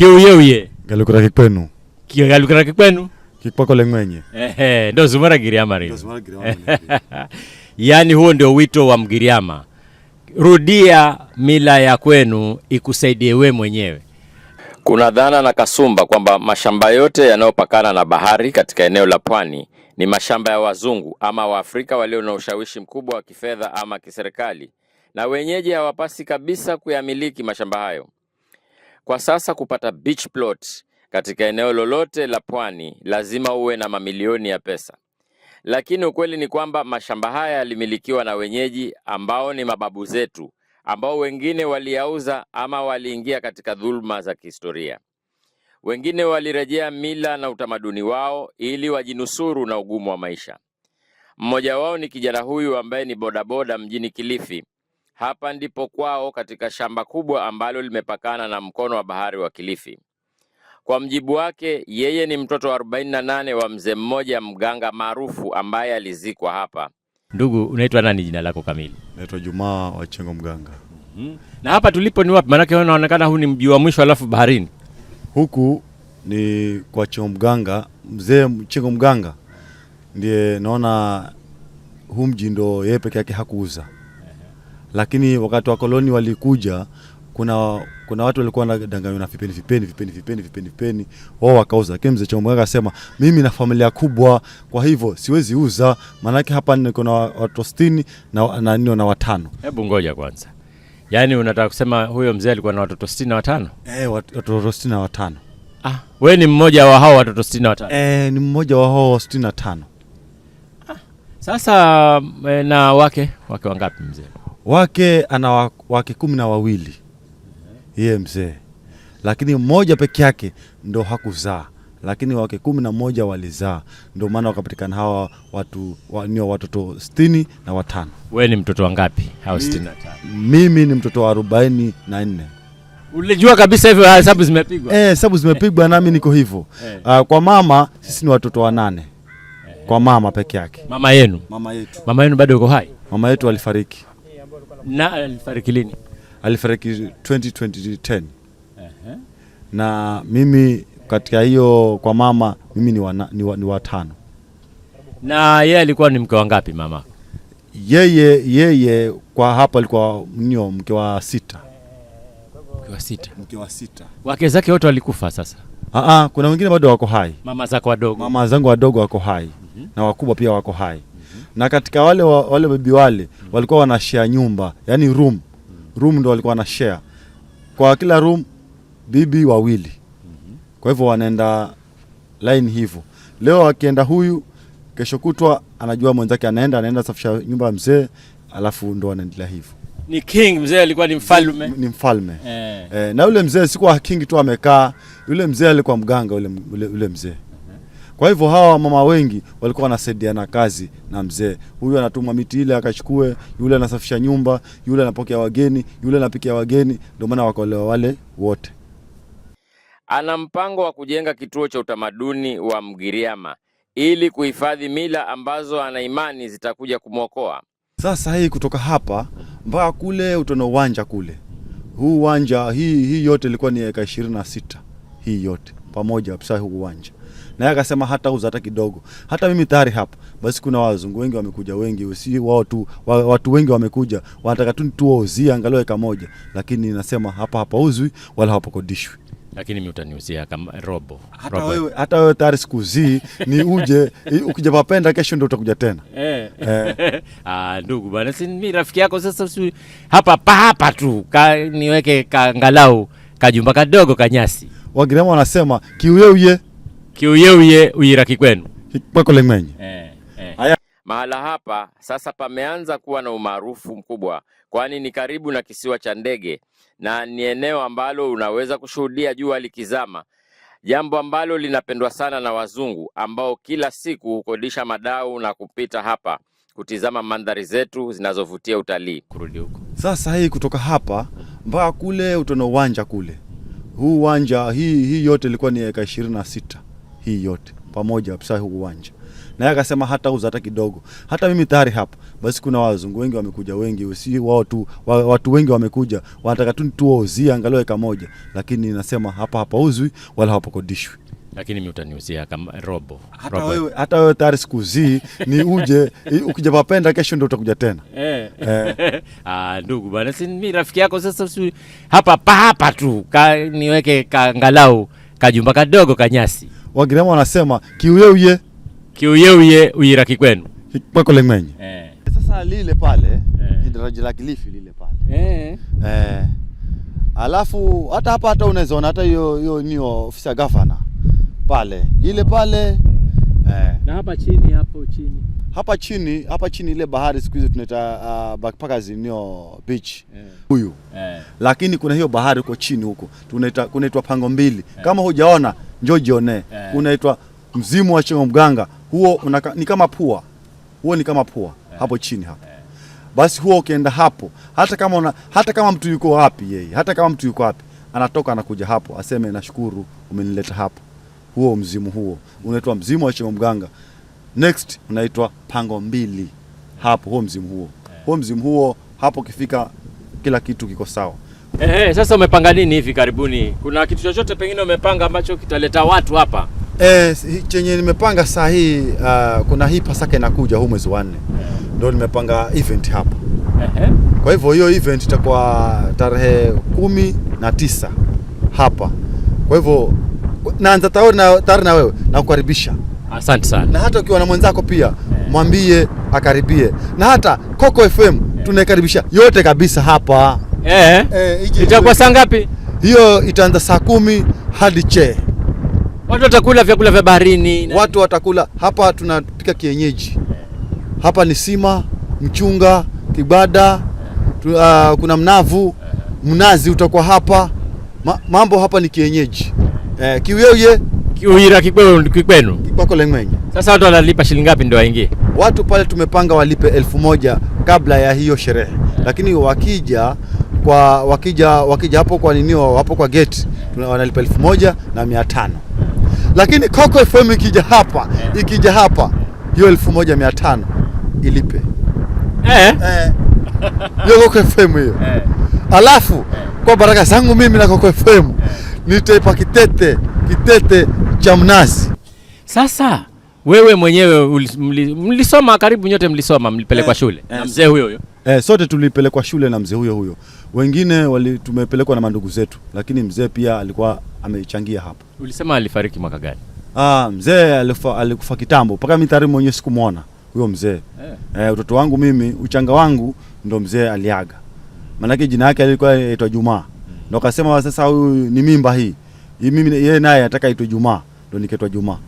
kiuyeuye galukura kikwenu galukura kikwenu kikpokole ndo zumara giriama rino yaani huo ndio wito wa mgiriama rudia mila ya kwenu ikusaidie we mwenyewe kuna dhana na kasumba kwamba mashamba yote yanayopakana na bahari katika eneo la pwani ni mashamba ya wazungu ama waafrika walio na ushawishi mkubwa wa kifedha ama kiserikali na wenyeji hawapasi kabisa kuyamiliki mashamba hayo kwa sasa kupata beach plot katika eneo lolote la pwani lazima uwe na mamilioni ya pesa. Lakini ukweli ni kwamba mashamba haya yalimilikiwa na wenyeji ambao ni mababu zetu, ambao wengine waliyauza ama waliingia katika dhuluma za kihistoria. Wengine walirejea mila na utamaduni wao ili wajinusuru na ugumu wa maisha. Mmoja wao ni kijana huyu ambaye ni bodaboda mjini Kilifi hapa ndipo kwao katika shamba kubwa ambalo limepakana na mkono wa bahari wa Kilifi. Kwa mjibu wake, yeye ni mtoto wa 48 wa mzee mmoja mganga maarufu ambaye alizikwa hapa. Ndugu, unaitwa nani? Jina lako kamili? Naitwa Jumaa Wachengo Mganga. Mm-hmm. Na hapa tulipo ni wapi? Maanake unaonekana huu ni mji wa mwisho alafu baharini huku ni kwa Chengo Mganga. Mzee Chengo Mganga ndiye naona huu mji ndo yeye peke yake hakuuza lakini wakati wa koloni walikuja kuna kuna watu walikuwa wanadanganywa na vipeni vipeni vipeni vipeni vipeni vipeni wao wakauza, lakini mzee Chomwe akasema mimi na familia kubwa, kwa hivyo siwezi uza, maanake hapa niko na watu sitini na na nio na watano. Hebu ngoja kwanza, yaani unataka kusema huyo mzee alikuwa na watoto sitini na watano? Eh, watoto sitini na watano. Ah, wewe ni mmoja wa hao watoto sitini na watano? Eh, ni mmoja wa hao sitini na tano. Ah, sasa eh, na wake wake wangapi mzee? wake ana wake kumi na wawili yeye mzee, lakini mmoja peke yake ndo hakuzaa, lakini wake kumi na moja walizaa, ndio maana wakapatikana hawa watu wa, watoto sitini na watano. Wewe ni mtoto wangapi ngapi hao sitini na tano? Mimi ni mtoto wa arobaini na nne. Ulijua kabisa hivyo, ah, hesabu zimepigwa, eh, hesabu zimepigwa, nami niko hivyo. Eh. Ah, kwa mama sisi ni watoto wanane, eh. kwa mama peke yake. Mama yenu, mama yetu, mama yenu bado yuko hai? Mama yetu alifariki na alifariki lini? Alifariki 2010. Uh-huh. Na mimi katika hiyo kwa mama mimi ni, wana, ni, wa, ni watano. Na yeye alikuwa ni mke wa ngapi mama? Yeye yeye kwa hapa alikuwa nio mke wa sita. Mke wa sita. Mke wa sita. Wake zake wote walikufa sasa. Aa, ah, ah, kuna wengine bado wako hai. Mama zako wadogo. Mama zangu wadogo wako hai. Mm -hmm. Na wakubwa pia wako hai na katika wale wa, wale bibi wale walikuwa share nyumba, yani room room ndo walikuwa wana share kwa kila room bibi wawili. Kwa hivyo wanaenda line hivyo, leo akienda huyu, kesho kutwa anajua mwenzake anaenda, anaenda safisha nyumba ya mzee, alafu ndo anaendelea hivyo. Ni king mzee, alikuwa ni mfalme, ni mfalme eh. Eh, na yule mzee sikuwa king tu amekaa, yule mzee alikuwa mganga, yule, yule, yule mzee kwa hivyo hawa mama wengi walikuwa wanasaidiana kazi na mzee huyu, anatumwa miti ile akachukue, yule anasafisha nyumba, yule anapokea wageni, yule anapikia wageni. Ndio maana wakaolewa wale wote. Ana mpango wa kujenga kituo cha utamaduni wa Mgiriama ili kuhifadhi mila ambazo ana imani zitakuja kumwokoa. Sasa hii kutoka hapa mpaka kule utaona uwanja kule, huu uwanja hii, hii yote ilikuwa ni eka ishirini na sita hii yote pamoja sasa huu uwanja naye akasema hatauza hata kidogo. Hata mimi tayari hapo. Basi kuna wazungu wengi wamekuja, wengi si wao tu, watu wengi wamekuja, wanataka tu tuwauzie angalau eka moja, lakini nasema hapa hapa uzwi wala hapakodishwi lakini mimi utaniuzia kama robo hata robo. Wewe hata wewe tayari sikuzii ni uje ukija mapenda kesho ndio utakuja tena eh. Eh. Ah, ndugu bwana, si mimi rafiki yako sasa, si hapa pa hapa tu ka, niweke kangalau kajumba kadogo kanyasi. Wagirema wanasema kiuyeuye kiuyeuye uyiraki kwenu kwakoleng'wenye eh, eh. Mahala hapa sasa pameanza kuwa na umaarufu mkubwa, kwani ni karibu na kisiwa cha ndege na ni eneo ambalo unaweza kushuhudia jua likizama, jambo ambalo linapendwa sana na wazungu ambao kila siku hukodisha madau na kupita hapa kutizama mandhari zetu zinazovutia utalii. Kurudi huko sasa, hii kutoka hapa mpaka kule utaona uwanja kule, huu uwanja hii hii yote ilikuwa ni eka ishirini na sita hii yote pamoja kabisa huu uwanja na yeye akasema hatauza hata kidogo. Hata mimi tayari hapo basi, kuna wazungu wengi wamekuja, wengi si wao tu, watu wengi wamekuja, wanataka tu tuwauzie angalau eka moja, lakini nasema hapa hapa uzwi wala hapakodishwi. Lakini mimi utaniuzia kama robo. Hata robo. Wewe hata wewe tayari sikuzii ni uje ukija papenda kesho ndio utakuja tena. Eh. Eh. Ah, ndugu bwana, si mimi rafiki yako sasa hapa hapa tu. Ka, niweke kangalau kajumba kadogo kanyasi. Wagirema wanasema kiuyeuye kiuyeuye uyira kikwenu kwako leng'wenye eh. Sasa lile pale eh. daraja la Kilifi lile pale eh. Eh. Alafu hata hapa hata unaweza ona hata hiyo hiyo ni ofisi ya gavana pale ile pale eh. Na hapa chini hapo chini hapa chini hapa chini ile bahari siku hizi tunaita uh, backpackers nio beach eh. huyu yeah. yeah. Lakini kuna hiyo bahari huko chini huko tunaita kunaitwa pango mbili yeah. Kama hujaona njo jione yeah. Unaitwa mzimu wa shingo mganga, huo unaka, ni kama pua, huo ni kama pua yeah. Hapo chini hapo yeah. Basi huo ukienda hapo, hata kama una, hata kama mtu yuko wapi yeye, hata kama mtu yuko wapi, anatoka anakuja hapo aseme nashukuru umenileta hapo. Huo mzimu huo unaitwa mzimu wa shingo mganga. Next unaitwa pango mbili hapo, huo mzimu huo, eh. huo mzimu huo hapo, kifika kila kitu kiko sawa. Ehe, sasa umepanga nini hivi karibuni? Kuna kitu chochote pengine umepanga ambacho kitaleta watu hapa? Eh, chenye nimepanga saa hii uh, kuna hii Pasaka inakuja huu mwezi wa nne ndio nimepanga event hapa. Ehe. Kwa hivyo hiyo event itakuwa tarehe kumi na tisa hapa. Kwa hivyo naanza tayari na, tayari na wewe nakukaribisha. Asante sana. Na hata ukiwa na mwenzako pia eh. mwambie akaribie, na hata Coco FM eh. tunaikaribisha yote kabisa hapa eh, eh, itakuwa saa ngapi hiyo? Itaanza saa kumi hadi che. Watu watakula vyakula vya baharini watu watakula hapa, tunapika kienyeji hapa, ni sima, mchunga, kibada tu, uh, kuna mnavu, mnazi utakuwa hapa Ma, mambo hapa ni kienyeji eh, kiuyeuye kiuira kikwenu lengwenye. Sasa watu wanalipa shilingi ngapi ndio waingie? Watu pale tumepanga walipe elfu moja kabla ya hiyo sherehe, lakini wakija kwa wakija wakija hapo kwa nini hapo kwa gate wanalipa elfu moja na mia tano lakini Coco FM ikija hapa ikija hapa hiyo elfu moja mia tano ilipe eh, eh. hiyo Coco FM hiyo eh. Alafu kwa baraka zangu mimi na Coco FM eh. nitaipa kitete kitete cha mnazi. Sasa wewe mwenyewe mlisoma, karibu nyote mlisoma, mlipelekwa eh, shule eh, na mzee huyo huyo Eh, sote tulipelekwa shule na mzee huyo huyo, wengine wali, tumepelekwa na mandugu zetu, lakini mzee pia alikuwa amechangia hapo. Ulisema alifariki mwaka gani? Ah, mzee alikufa kitambo, mpaka mimi tayari mwenyewe sikumwona huyo mzee eh. Eh, utoto wangu mimi uchanga wangu ndo mzee aliaga, maanake jina yake alikuwa aitwa Jumaa, ndo akasema sasa huyu ni mimba hii, mimi yeye naye ataka aitwe Jumaa, ndo nikaitwa Jumaa.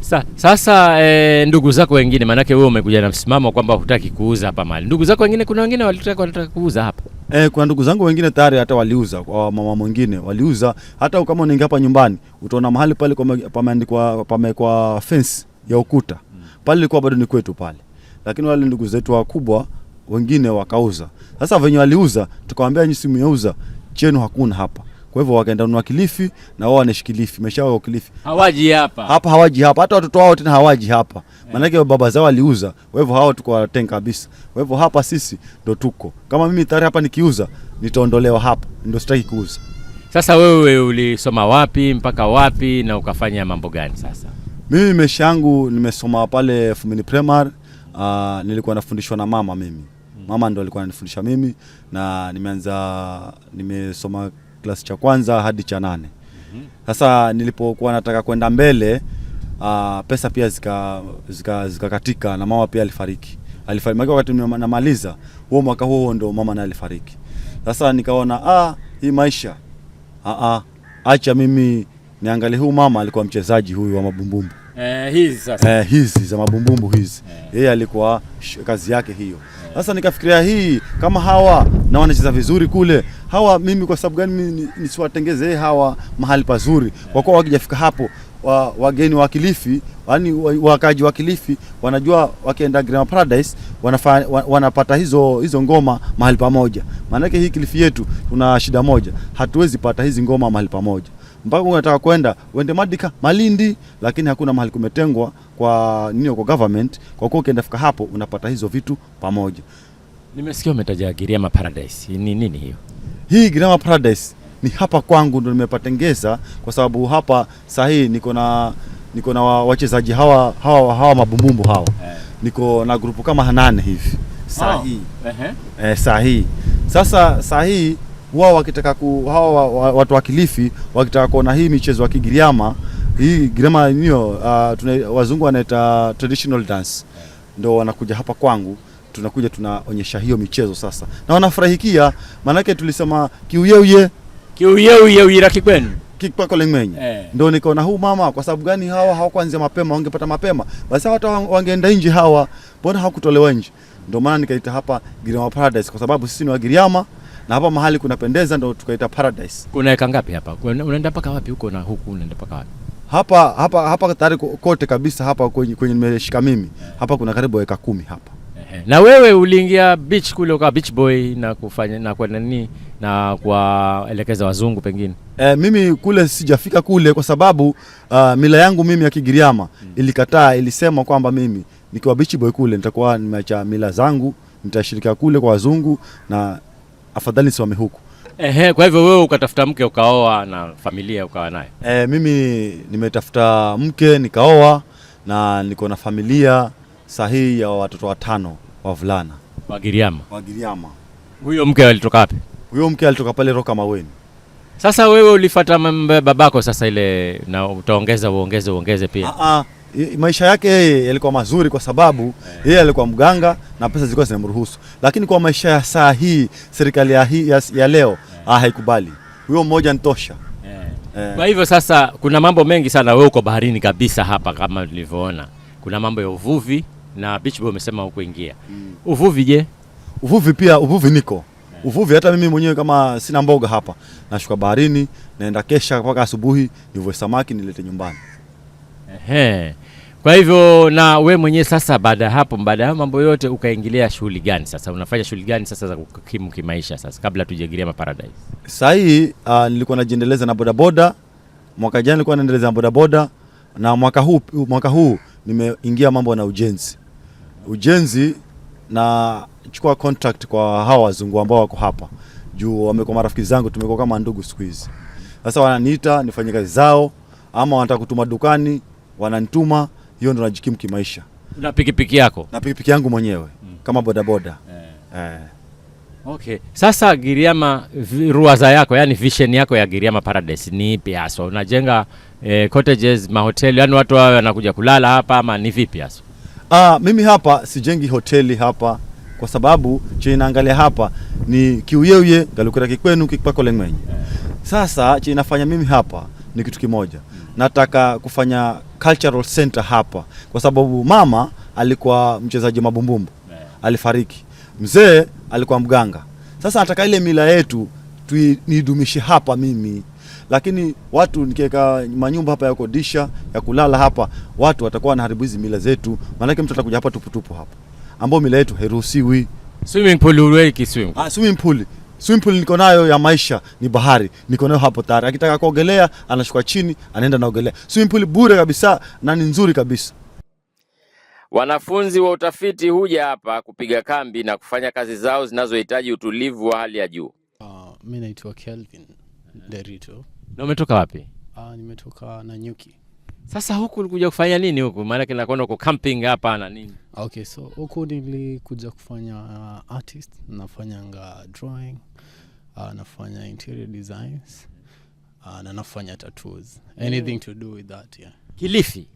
Sa, sasa e, ndugu zako wengine maanake wewe umekuja na msimamo kwamba hutaki kuuza hapa mali. Ndugu zako wengine kuna wengine walitaka wanataka kuuza hapa. Eh, kuna ndugu zangu wengine tayari hata waliuza kwa mama mwingine waliuza hata kama unaingia hapa nyumbani utaona mahali pale pameandikwa pamekwa fence ya ukuta. Pale ilikuwa bado ni kwetu pale. Lakini wale ndugu zetu wakubwa wengine wakauza. Sasa venye waliuza tukawaambia nyinyi simu yauza chenu hakuna hapa. Kwa hivyo wakaenda nunua Kilifi na wao wanaishi Kilifi, maisha yao Kilifi, hawaji hapa hapa, hawaji hapa, hata watoto wao tena hawaji hapa, Yeah. Maana yake baba zao waliuza. Kwa hivyo hao tuko waten kabisa. Kwa hivyo hapa sisi ndo tuko kama mimi tayari hapa, nikiuza nitaondolewa hapa, ndo sitaki kuuza. Sasa wewe ulisoma wapi mpaka wapi na ukafanya mambo gani? Sasa mimi maisha yangu nimesoma pale Fumini Primary. Uh, nilikuwa nafundishwa na mama mimi, hmm. mama ndo alikuwa ananifundisha mimi na nimeanza nimesoma klasi cha kwanza hadi cha nane. Mhm. Sasa nilipokuwa nataka kwenda mbele uh, pesa pia zikakatika zika, zika na mama pia alifariki. Alifariki wakati namaliza huo mwaka huo ndo mama naye alifariki. Sasa nikaona ah, hii maisha ah, ah, acha mimi niangalie huyu mama alikuwa mchezaji huyu wa mabumbumbu. Eh, hizi sasa. Eh, hizi za mabumbumbu hizi. Eh. Yeye eh, alikuwa kazi yake hiyo. Sasa nikafikiria hii kama hawa na wanacheza vizuri kule, hawa mimi kwa sababu gani mimi nisiwatengezee hawa mahali pazuri, kwa kuwa wakijafika hapo wa, wageni wa Kilifi yani wakaji wa Kilifi wanajua wakienda Grand Paradise wanafa, wanapata hizo hizo ngoma mahali pamoja. Maanake hii Kilifi yetu tuna shida moja, hatuwezi pata hizi ngoma mahali pamoja mpaka unataka kwenda uende Madika, Malindi, lakini hakuna mahali kumetengwa kwa nini, kwa government. Kwa kuwa ukienda fika hapo unapata hizo vitu pamoja. Nimesikia umetaja Giriama Paradise, ni nini hiyo? Hii Giriama Paradise ni hapa kwangu ndo nimepatengeza, kwa sababu hapa sahii niko na niko na wachezaji hawa hawa hawa mabumbumbu hawa eh. Niko na grupu kama nane hivi sahii oh. eh, sahii sasa sahii wao wakitaka ku hawa watu wa Kilifi wakitaka kuona hii michezo ya Kigiriama hii Giriama niyo, uh, ah, wazungu wanaita traditional dance, ndio wanakuja hapa kwangu, tunakuja tunaonyesha hiyo michezo sasa, na wanafurahikia, maanake tulisema kiuyeuye kiuyeuye uira kikwenu kipakoleng'wenye eh. Ndio nikaona huu mama, kwa sababu gani hawa hawakuanzia mapema? Wangepata mapema basi hata wangeenda nje hawa, mbona hawakutolewa nje? Ndio maana nikaita hapa Giriama Paradise, kwa sababu sisi ni wa Giriama na hapa mahali kunapendeza, ndo tukaita paradise. Unaweka ngapi hapa? Unaenda mpaka wapi huko na huku unaenda mpaka wapi? Hapa hapa hapa tayari kote kabisa hapa kwenye, kwenye nimeshika mimi hapa kuna karibu weka kumi hapa. Na wewe uliingia beach kule ukawa beach boy na kufanya na kwa nani na kuwaelekeza wazungu pengine? E, mimi kule sijafika kule kwa sababu uh, mila yangu mimi ya Kigiriama hmm, ilikataa ilisema kwamba mimi nikiwa beach boy kule nitakuwa nimeacha mila zangu, nitashirikia kule kwa wazungu na afadhali nisimame huku. Ehe, kwa hivyo wewe ukatafuta mke ukaoa na familia ukawa naye? E, mimi nimetafuta mke nikaoa na niko na familia sahihi ya watoto watano wavulana Wa Giriama. Huyo mke alitoka wapi? Huyo mke alitoka pale Roka Maweni. Sasa wewe ulifuata babako sasa ile na utaongeza uongeze uongeze pia. ah. ah maisha yake yeye yalikuwa mazuri kwa sababu eh. yeye alikuwa mganga na pesa zilikuwa zinamruhusu, lakini kwa maisha ya saa hii serikali ya, ya, ya leo eh. ah, haikubali. Huyo mmoja nitosha. Yeah. Eh. Kwa hivyo sasa, kuna mambo mengi sana. Wewe uko baharini kabisa hapa, kama tulivyoona kuna mambo ya uvuvi na beach boy umesema huko ingia mm. Uvuvi je? Uvuvi pia, uvuvi niko yeah. Uvuvi hata mimi mwenyewe kama sina mboga hapa, nashuka baharini, naenda kesha mpaka asubuhi, nivue samaki nilete nyumbani. Ehe. Kwa hivyo na we mwenyewe sasa, baada ya hapo, baada ya mambo yote, ukaingilia shughuli gani sasa? Unafanya shughuli gani sasa za kukimu kimaisha sasa, kabla tujaingilia maparadise? Saa uh, nilikuwa najiendeleza na bodaboda. Mwaka jana nilikuwa naendeleza na bodaboda, na mwaka huu, mwaka huu nimeingia mambo na ujenzi. Ujenzi na chukua contract kwa hawa wazungu ambao wako hapa juu, wamekuwa marafiki zangu, tumekuwa kama ndugu siku hizi. Sasa wananiita nifanye kazi zao, ama wanataka kutuma dukani, wananituma hiyo ndo najikimu kimaisha. Na pikipiki yako? Na pikipiki yangu mwenyewe mm. kama bodaboda eh. eh. Okay. Sasa Giriama ruwaza yako yani vision yako ya Giriama Paradise ni ipi hasa? Unajenga eh, cottages, mahoteli yani watu wawe wanakuja kulala hapa ama ni vipi hasa? Ah, mimi hapa sijengi hoteli hapa kwa sababu chenye naangalia hapa ni kiuyeuye galukira kikwenu kipako lengwenye. Eh. Sasa chenye nafanya mimi hapa ni kitu kimoja nataka kufanya cultural center hapa, kwa sababu mama alikuwa mchezaji mabumbumbu, alifariki. Mzee alikuwa mganga. Sasa nataka ile mila yetu niidumishe hapa mimi, lakini watu nikiweka manyumba hapa ya kodisha ya kulala hapa, watu watakuwa wanaharibu hizi mila zetu, maanake mtu atakuja hapa tuputupu hapa, ambao mila yetu hairuhusiwi. Swimming pool, ah, swimming pool simple niko nayo ya maisha ni bahari, niko nayo hapo tayari. Akitaka kuogelea anashuka chini, anaenda naogelea. Simple bure kabisa na ni nzuri kabisa. Wanafunzi wa utafiti huja hapa kupiga kambi na kufanya kazi zao zinazohitaji utulivu wa hali ya juu. Uh, ah, mimi naitwa Kelvin Derito. Na umetoka wapi? Uh, nimetoka Nanyuki. Sasa huku ulikuja kufanya nini huku? Maana kinakwenda uko camping hapa na nini? okay so accordingly kuja kufanya uh, artist nafanyanga drawing uh, nafanya interior designs uh, na nafanya tattoos anything yeah. to do with that yeah kilifi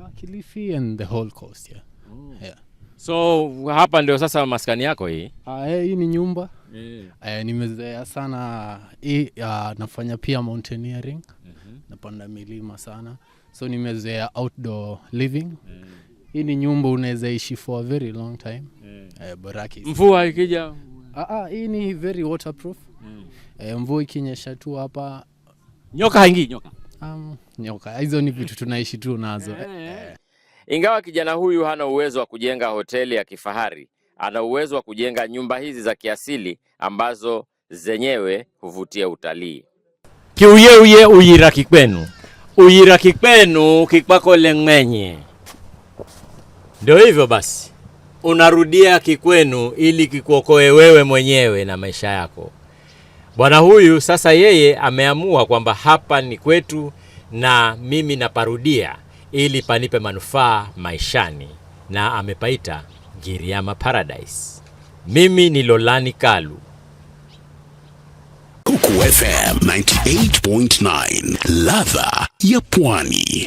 uh, kilifi and the whole coast yeah, oh. yeah. So hapa ndio sasa maskani yako hii? Uh, hii ni nyumba yeah. Uh, eh, nimezea sana hii uh, nafanya pia mountaineering uh mhm. -huh. Napanda milima sana so nimezea outdoor living yeah hii ni nyumba unaweza ishi for a very long time yeah. Mm. uh, baraki mvua ikija, ah, ah, hii ni very waterproof yeah. Mm. uh, Mvua ikinyesha tu hapa, nyoka haingii nyoka, um, nyoka hizo ni vitu tunaishi tu nazo yeah, yeah. Eh. Ingawa kijana huyu hana uwezo wa kujenga hoteli ya kifahari, ana uwezo wa kujenga nyumba hizi za kiasili ambazo zenyewe huvutia utalii. kiuyeuye uyira kikwenu uyira kikwenu kikwako leng'enye ndio hivyo basi, unarudia kikwenu ili kikuokoe wewe mwenyewe na maisha yako. Bwana huyu sasa yeye ameamua kwamba hapa ni kwetu na mimi naparudia ili panipe manufaa maishani, na amepaita Giriama Paradise. Mimi ni Lolani Kalu. Coco FM 98.9 ladha ya pwani.